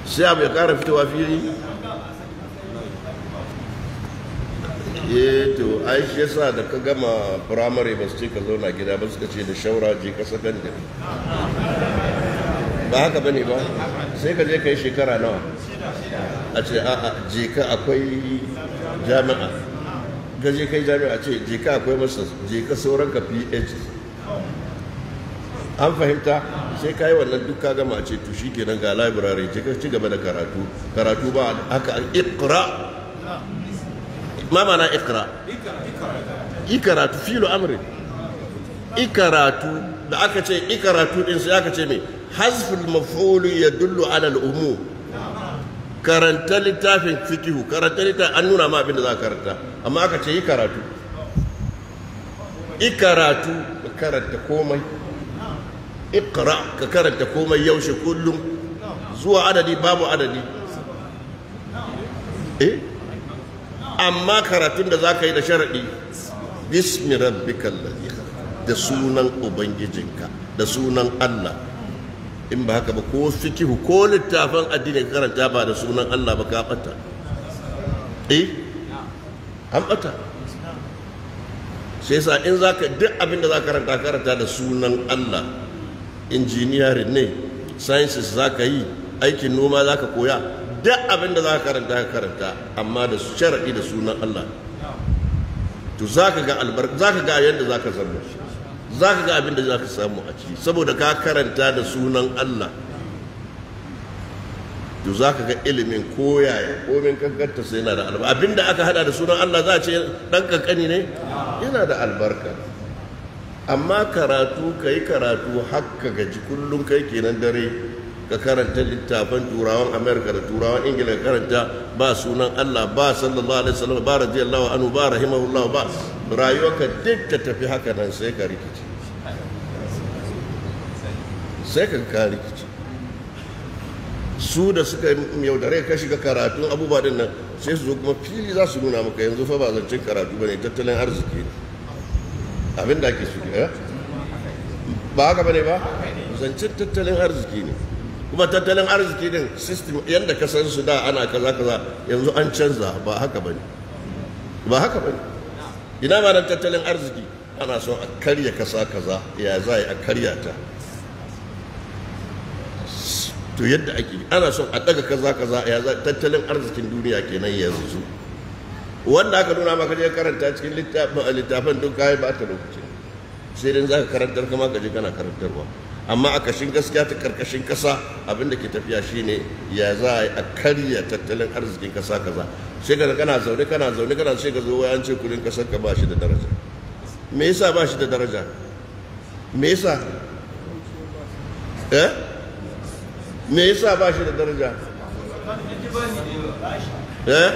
sai abu ya kara fitowa fili eh to ai shi yasa da ka gama firamare ba su ce ka zauna gida ba suka ce da shaura je ka sakandare ba haka bane ba sai ka je ka yi shekara nawa a ce a'a je ka akwai jami'a ka je kai jami'a ce je ka akwai masa je ka sauran ka phd an fahimta sai ka yi wannan duk ka gama ce to shi kenan ga library ci gaba da karatu karatu ba haka ikra ma mana ikra ikaratu filo amri ikaratu da aka ce ikaratu din sai aka ce me hazful maf'ul yadullu ala al umu karanta littafin fikihu karanta littafin an nuna ma abin da za karanta amma aka ce ikaratu ikaratu karanta komai iqra ka karanta komai yaushe kullum zuwa adadi babu adadi eh amma karatun da zaka yi da sharadi bismi rabbikal ladhi da sunan ubangijinka da sunan Allah in ba haka ba ko fikihu ko littafin addini ka karanta ba da sunan Allah ba ka bata eh an bata sai yasa in zaka duk abinda za zaka karanta karanta da sunan Allah engineering ne sciences za ka yi aikin noma za ka koya duk abin da za ka karanta ka karanta amma da sharaɗi da sunan Allah to za ka ga albarka za ka ga yadda za ka zama za ka ga abin da za ka samu a ciki saboda ka karanta da sunan Allah to za ka ga ilimin koyaya komin kankanta sai yana da albarka abin da aka hada da sunan Allah za a ce ɗan kankani ne yana da albarka amma karatu ka yi karatu haka gaji kullum kai kenan dare ka karanta littafan turawan amerika da turawan ingila ka karanta ba sunan allah ba sallallahu alaihi wasallam ba radiyallahu anhu ba rahimahullahu ba rayuwarka duk ta tafi haka nan sai ka rikici sai ka ka rikici su da suka yaudare ka shiga karatun abubuwa din nan sai su zo kuma fili za su nuna maka yanzu fa ba zancen karatu ba ne tattalin arziki ne abin da ake suke eh ba haka bane ba zancen tattalin arziki ne kuma tattalin arziki din system yadda ka san su da ana kaza kaza yanzu an canza ba haka bane ba haka bane ina ma nan tattalin arziki ana son a karya kasa kaza ya za a karya ta to yadda ake ana son a daga kaza kaza ya za tattalin arzikin duniya kenan yanzu wanda aka nuna maka je karanta cikin littafin duk kayi ba ta lokaci sai dai za ka karantar kama ka je kana karantarwa amma a kashin gaskiya ta karkashin kasa abin da ke tafiya shine ya za a karya tattalin arzikin kasa kaza sai ka kana zaune kana zaune kana sai ka zo wayan ce kudin kasar ka ba shi da daraja me yasa ba shi da daraja me yasa eh me yasa ba shi da daraja eh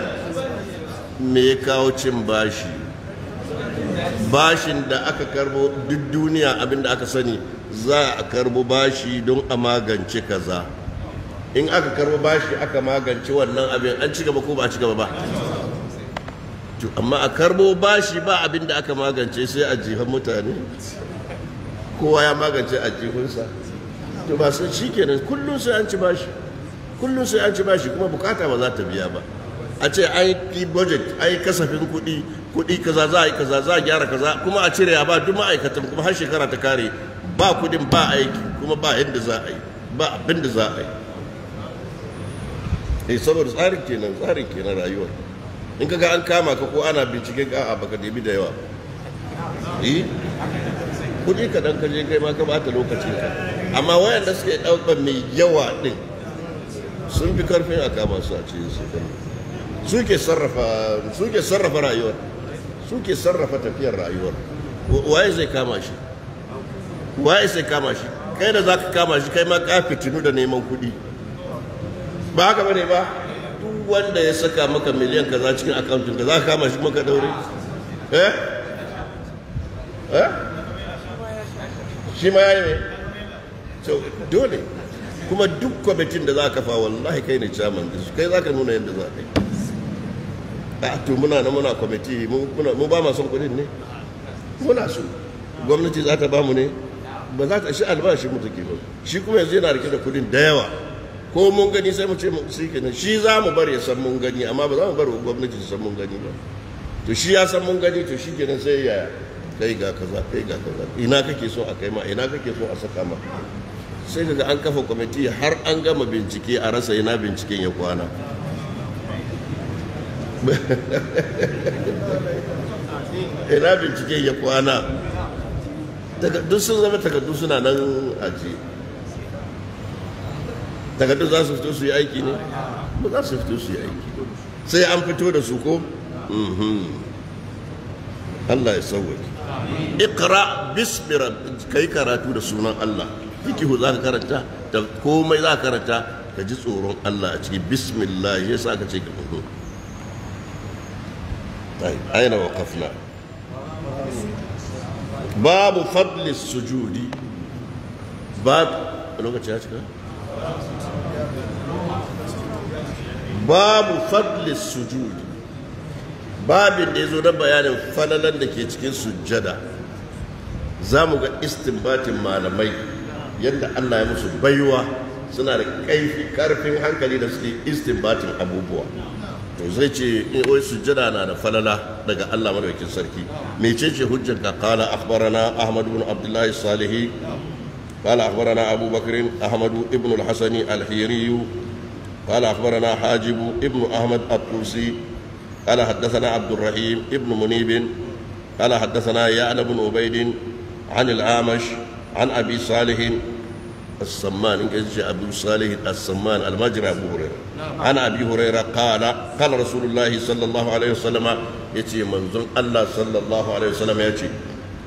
me ya kawo cin bashi bashin da aka karbo duk duniya abinda aka sani za a karbo bashi don a magance kaza in aka karbo bashi aka magance wannan abin an ci gaba ko ba a ci gaba ba amma a karbo bashi ba abinda aka magance sai a jihar mutane kowa ya magance a jihunsa to ba sun shi kenan kullum sai an ci bashi kullum sai an ci bashi kuma bukata ba za ta biya ba a ce ai yi budget ai kasafin kuɗi kuɗi kaza za a yi kaza za a gyara kaza kuma a cire a ba duk ma'aikatan kuma har shekara ta kare ba kuɗin ba aiki kuma ba yadda za a yi ba abin da za a yi eh saboda tsarin kenan tsarin kenan rayuwar in ka ga an kama ka ko ana bincike ka a baka debi da yawa eh kuɗi kaɗan ka je kai ma ka bata lokacin ka amma wayanda suke ɗaukar mai yawa ɗin sun fi karfin a kama su a cikin su suke sarrafa suke sarrafa rayuwar suke sarrafa tafiyar rayuwar waye zai kama shi waye zai kama shi kai da zaka kama shi kai ma ka fitinu da neman kuɗi ba haka bane ba duk wanda ya saka maka miliyan kaza cikin akauntun ka zaka kama shi maka daure eh eh shi ma yayi me so dole kuma duk kwamitin da za ka fa wallahi kai ne chairman kai za ka nuna yadda za ka yi a ah, to muna na muna kwamiti mu ba masu son kudin ne muna su gwamnati za ta ba mu ne ba za ta shi albashi mu take ba shi kuma yanzu yana rike da kudin da yawa ko mun gani sai mu ce mu shi kenan shi za mu bar ya san mun gani amma ba za mu bar gwamnati ta san mun gani ba to shi ya san mun gani to shi kenan sai ya kai ga kaza kai ga kaza ina kake so a kai ma ina kake so a saka ma sai daga an kafa kwamiti har an gama bincike a rasa ina binciken ya kwana ina binciken ya kwana duk sun zama takardu suna nan aji takardu za su fito su yi aiki ne ba za su fito su yi aiki sai an fito da su ko mhm. Allah ya sauwaki ikra ka kai karatu da sunan Allah fikihu za ka karanta da komai za ka karanta ka ji tsoron Allah a ciki bismillah ya sa ka ce ka fito طيب أين وقفنا باب فضل السجود باب babu fadli sujudi babin da ya na bayanin falalan da ke cikin sujada za mu ga istinbatin malamai yadda allah ya musu baiwa suna da ƙarfin hankali da suke istinbatin abubuwa zai ce in eh, wai sujjada na da falala daga Allah madaukakin sarki mecece hujjarka qala akhbarana ahmad ibn abdullahi salihi qala akhbarana abubakar ahmad ibn alhasan alhiri قال أخبرنا حاجب ابن أحمد الطوسي قال حدثنا عبد الرحيم ابن منيب قال حدثنا يعلى بن عبيد عن الآمش عن أبي السمان إنجاز أبو صالح السمان المجرى أبو هريرة عن أبي هريرة قال قال رسول الله صلى الله عليه وسلم يتي منزل الله صلى الله عليه وسلم يتي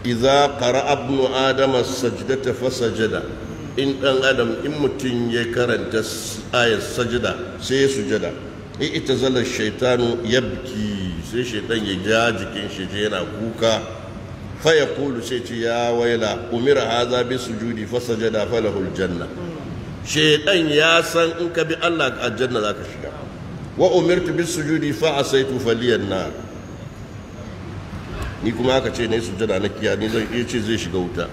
إذا قرأ ابن آدم السجدة فسجد إن أن آدم إمتن يكرن آية السجدة سيسجد إئتزل الشيطان يبكي سيشيطان يجاجك إن شجينا كوكا fa yaqulu sai ce ya waila umira hadha bi sujudi fa sajada falahu Janna. shedan ya san in ka bi Allah aljanna ka shiga wa umirtu su sujudi fa sai faliyan nar ni kuma aka ce na ne sujada na kiya ni zai iya ce zai shiga wuta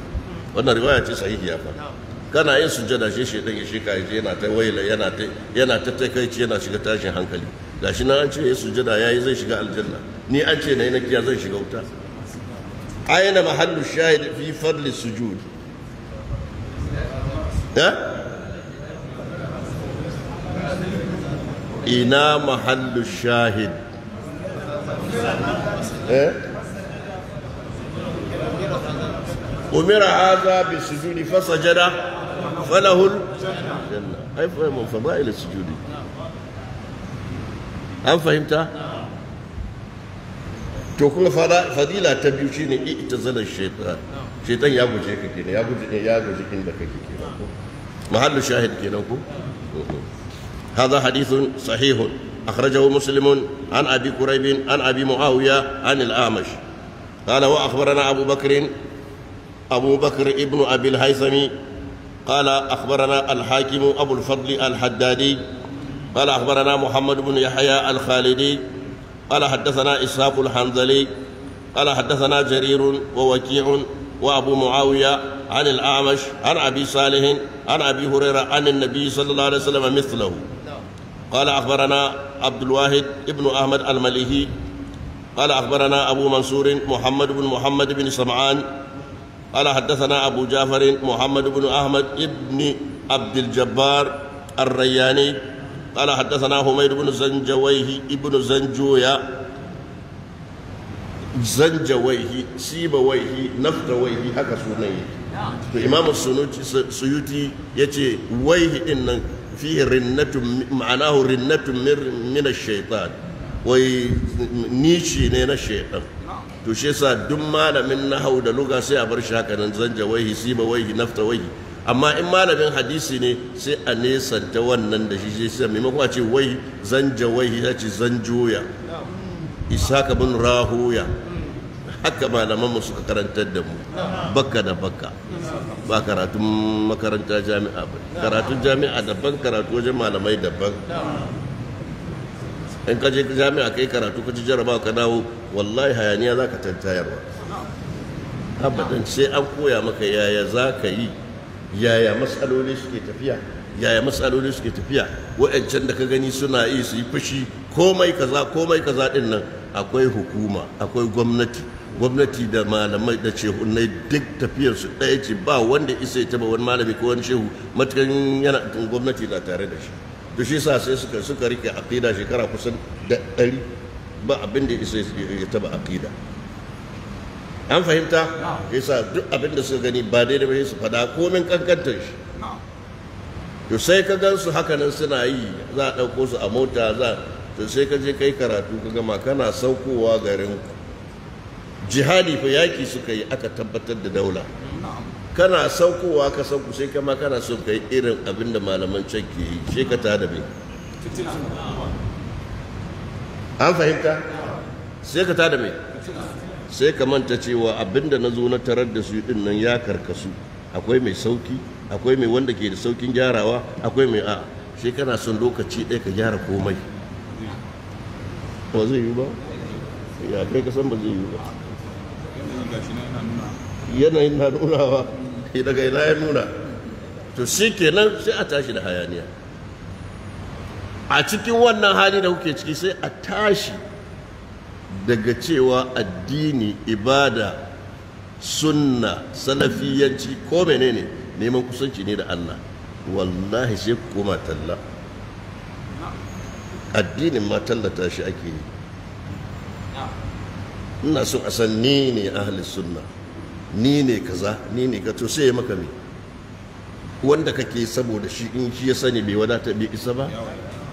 wannan riwaya ce sahihiya fa kana yin sujada shi shedan ya shika ya yana ta waila yana ta yana yana shiga tashin hankali Ga shi na an ce ya sujada yayi zai shiga aljanna ni an ce na yi na kiya zai shiga wuta أين محل الشاهد في فضل السجود ها إنا محل الشاهد إيه؟ أمر هذا بالسجود فسجد فله الجنة أي من فضائل السجود هل فهمت؟ to kuma fada fadila ta biyu shine ita zalal shaytan shaytan ya guje ka kenan ya guje ya guje kin da kake kenan ko mahallu shahid kenan ko hadha hadithun sahihun أخرجه مسلم عن أبي كريب عن أبي معاوية عن الأعمش قال وأخبرنا أبو بكر أبو بكر ابن أبي الهيثم قال أخبرنا الحاكم أبو الفضل الحدادي قال أخبرنا محمد بن قال حدثنا إسحاق الحنظلي قال حدثنا جرير ووكيع وأبو معاوية عن الأعمش عن أبي صالح عن أبي هريرة عن النبي صلى الله عليه وسلم مثله قال أخبرنا عبد الواحد ابن أحمد المليهي قال أخبرنا أبو منصور محمد بن محمد بن سمعان قال حدثنا أبو جعفر محمد بن أحمد ابن عبد الجبار الرياني قال حدثنا حميد بن زنجويه ابن زنجويا زنجويه سيبويه نفتويه هكا سنيه السنوت سيوتي يتي ويه إن فيه رنة معناه رنة من, من الشيطان وي نيشي ne الشيطان shedan to shi yasa duk malamin nahau da luga sai a amma in malamin hadisi ne sai a nesanta wannan da shi sai maimakon a ce wai wai ya ce zanjoya ishaka bin rahoya haka malaman mu suka karantar da mu baka da baka ba karatun makaranta jami'a ba karatun jami'a daban karatu wajen malamai daban in ka je jami'a kai karatu ka ci jaraba ka dawo wallahi hayaniya za ka tantayarwa abadan sai an koya maka yaya za ka yi yaya matsaloli suke tafiya yaya matsaloli suke tafiya wa'ancan da ka gani suna yi su yi fushi komai kaza komai kaza din nan akwai hukuma akwai gwamnati gwamnati da malamai da cehunai duk tafiyar su ɗaya ce ba wanda isa ya taba wani malami ko wani shehu matakan yana gwamnati na tare da shi to shi sa sai suka suka rike aqida shekara kusan da ɗari ba abin da isa ya taba aqida an fahimta yasa duk abin da suka gani ba daidai ba su fada komin kankantar shi to sai ka gan su hakanan suna yi za a ɗauko su a mota za to sai ka je kai karatu ka gama kana saukowa garin jihadi fa yaki suka yi aka tabbatar da daula kana saukowa ka sauko sai kama kana son kai irin abin da malaman can ke yi sai ka tada mai an fahimta sai ka tada mai sai ka manta cewa abinda na zo na tarar da su din nan ya karkasu akwai mai sauki akwai mai wanda ke da saukin gyarawa akwai mai a sai kana son lokaci ɗaya ka gyara komai ba zai yi ba ya kai ka san ba zai yi ba yanayin na nunawa daga ina ya nuna to shi kenan sai a tashi da hayaniya a cikin wannan hali da kuke ciki sai a tashi daga cewa addini ibada sunna salafiyanci ko menene neman kusanci ne da Allah wallahi sai ku talla addinin ma tallata shi ake yi ina so a san ni ne ahli sunna ni ne kaza ni ne ka to sai ya maka me wanda kake saboda shi in shi ya sani bai wadata bai isa ba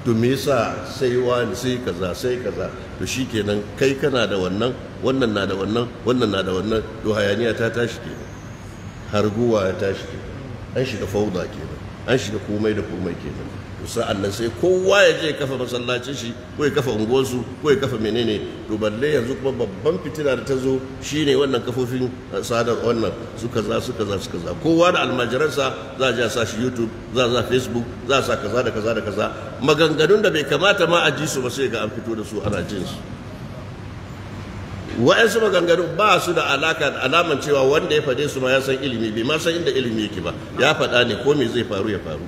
to me yasa sai wani sai kaza sai kaza to shikenan kai kana da wannan wannan na da wannan wannan na da wannan to hayaniya ta tashi ke harguwa ya tashi ke an shiga fauda kenan an shiga komai da komai kenan sa'an allah sai kowa ya je kafa masallacin shi ko ya kafa unguwarsu ko ya kafa menene to balle yanzu kuma babban fitina da ta zo shine wannan kafofin eh, sadar wannan su kaza su kaza su kaza kowa da almajiransa za a sa shi youtube za a sa facebook za a sa kaza da kaza da kaza maganganun da bai kamata ma a ji su ba sai ga an fito da su ana jin su wa'ansu maganganu ba su da alaka da alaman cewa wanda ya fade su ma ya san ilimi bai ma san inda ilimi yake ba ya faɗa ne ko me zai faru ya faru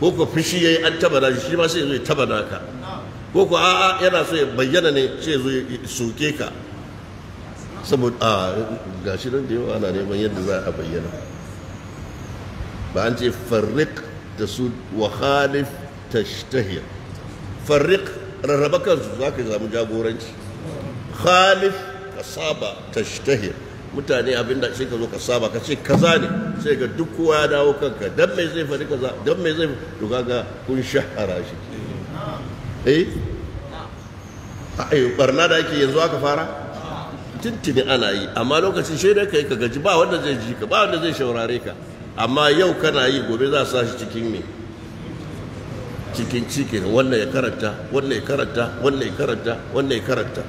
ko ko fushi yayi an tabara shi ma sai zai tabara ka ko ko a'a yana so ya bayyana ne sai zai soke ka saboda a gashi nan da yawa ana neman yadda za a bayyana ba an ce farriq da su wa khalif tashtahir farriq rarraba kansu za ka samu jagoranci khalif kasaba tashtahir mutane abin da shi ka zo ka saba ka ce kaza ne sai ga duk kowa ya dawo kanka dan mai zai fari kaza dan mai zai to kaga kun shahara shi eh ai eh, barna da ake yanzu aka fara tintini ana yi amma lokacin shi da kai ka gaji ba wanda zai ji ka ba wanda zai shaurare ka amma yau kana yi gobe za sa shi cikin me cikin cikin wannan ya karanta wannan ya karanta wannan ya karanta wannan ya karanta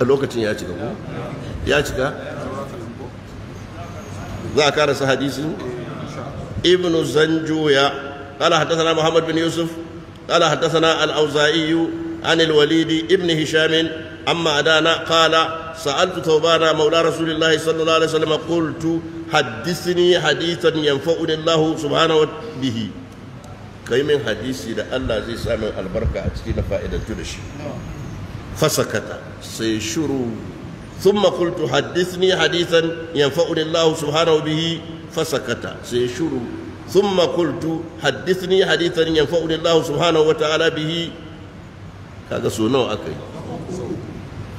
a lokacin ya cika ko ya cika za a karasa hadisin ibn zanjuya قال حدثنا محمد بن يوسف قال حدثنا الأوزائي عن الوليد ابن هشام أما أدانا قال سألت ثوبان مولى رسول الله صلى الله عليه وسلم قلت حدثني حديثا ينفعني الله سبحانه به كي من حديثي لألا زي سامع البركة أتكين فائدة جدش fasakata sai shuru thumma qultu hadithni hadithan yanfa'uni Allah subhanahu bihi fasakata sai shuru thumma qultu hadithni hadithan yanfa'uni Allah subhanahu wa ta'ala bihi kaga so nawa akai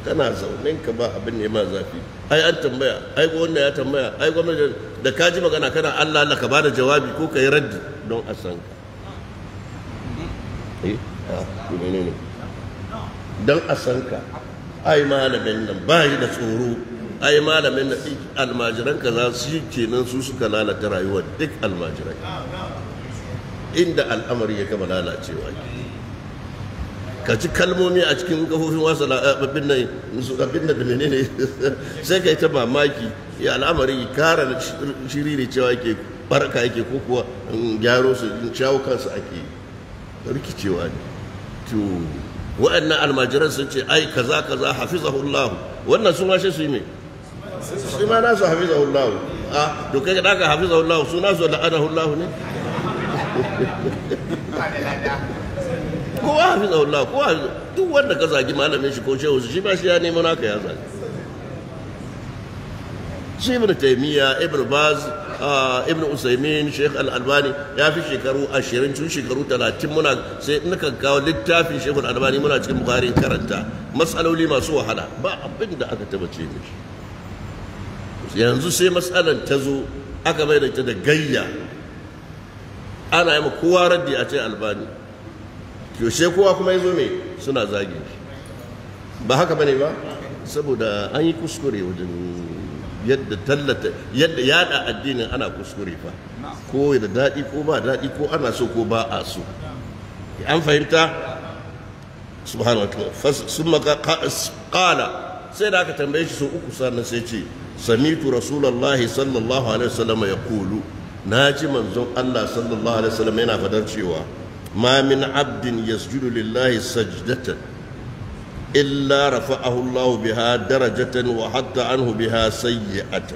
kana zaunen ka ba abin ne ma zafi ai an tambaya ai wannan ya tambaya ai gwamnati da ka ji magana kana Allah Allah ka bada jawabi ko kai raddi don a san ka eh ah, menene don a san ka ai malamin nan bayi da tsoro ai malamin nan almajiran ka za su yi kenan su suka lalata rayuwar duk almajirai inda al'amari ya gama lalacewa ka ci kalmomi a cikin kafofin wasu labin eh, nan abin da ne, sai ka yi ta mamaki ya al'amari kara shiri ne cewa ke barka yake ko kuwa gyaro su shawo kansu ake rikicewa ne to wa'annan almajiran sun ce ai kaza kaza hafizahullahu wannan sun ma shi su yi me su ma nasu hafizahullahu a ah, to kai da ka hafizahullahu su nasu la'anahullahu ne kowa hafizahullahu kowa duk wanda ka zagi malamin shi ko shehu shi ba shi ya nemo naka ya zagi shi ibn taymiya ibn baz ah, ibn usaimin sheikh al-albani ya fi shekaru 20 tun shekaru 30 muna sai nakan kawo littafin sheikh al-albani muna cikin bukhari karanta matsaloli masu wahala ba abin da aka taba ce mishi yanzu sai matsalar ta zo aka bai da ta da gayya ana yi kowa raddi a ce albani yaushe kowa kuma ya zo mai suna zagi ba haka bane ba saboda an yi kuskure wajen yadda tallata yadda yada addinin ana kuskure fa ko da dadi ko ba dadi ko ana so ko ba a so an fahimta subhanahu wa ta'ala summa qala sai da aka tambaye shi so uku sannan sai ce samitu rasulullahi sallallahu alaihi wasallam yaqulu naji manzon Allah sallallahu alaihi wasallam yana fadar cewa ma min abdin yasjudu lillahi sajdatan إلا رفعه الله بها درجة وحط عنه بها سيئة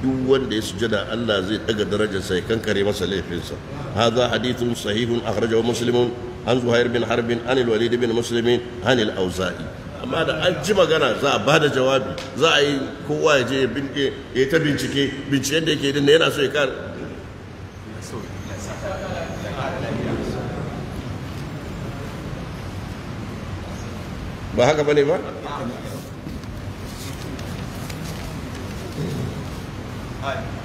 duk wanda ya da Allah zai daga darajar sai kankare masa laifinsa hadha hadithun sahihun akhrajahu muslimun an zuhair bin harbin an al-walid bin an al-auza'i amma da an ji magana za a da jawabi za a yi kowa ya je ya ta bincike binciken da yake din yana so ya kare ba haka bane ba Hi.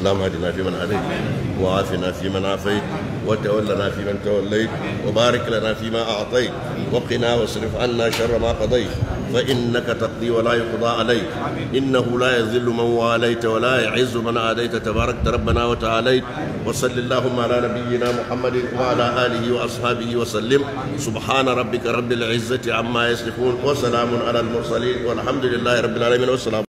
اللهم اهدنا فيمن هديت وعافنا فيمن عافيت وتولنا فيمن توليت وبارك لنا فيما اعطيت وقنا واصرف عنا شر ما قضيت فانك تقضي ولا يقضى عليك انه لا يذل من واليت ولا يعز من عاديت تباركت ربنا وتعاليت وصل اللهم على نبينا محمد وعلى اله واصحابه وسلم سبحان ربك رب العزه عما يصفون وسلام على المرسلين والحمد لله رب العالمين والسلام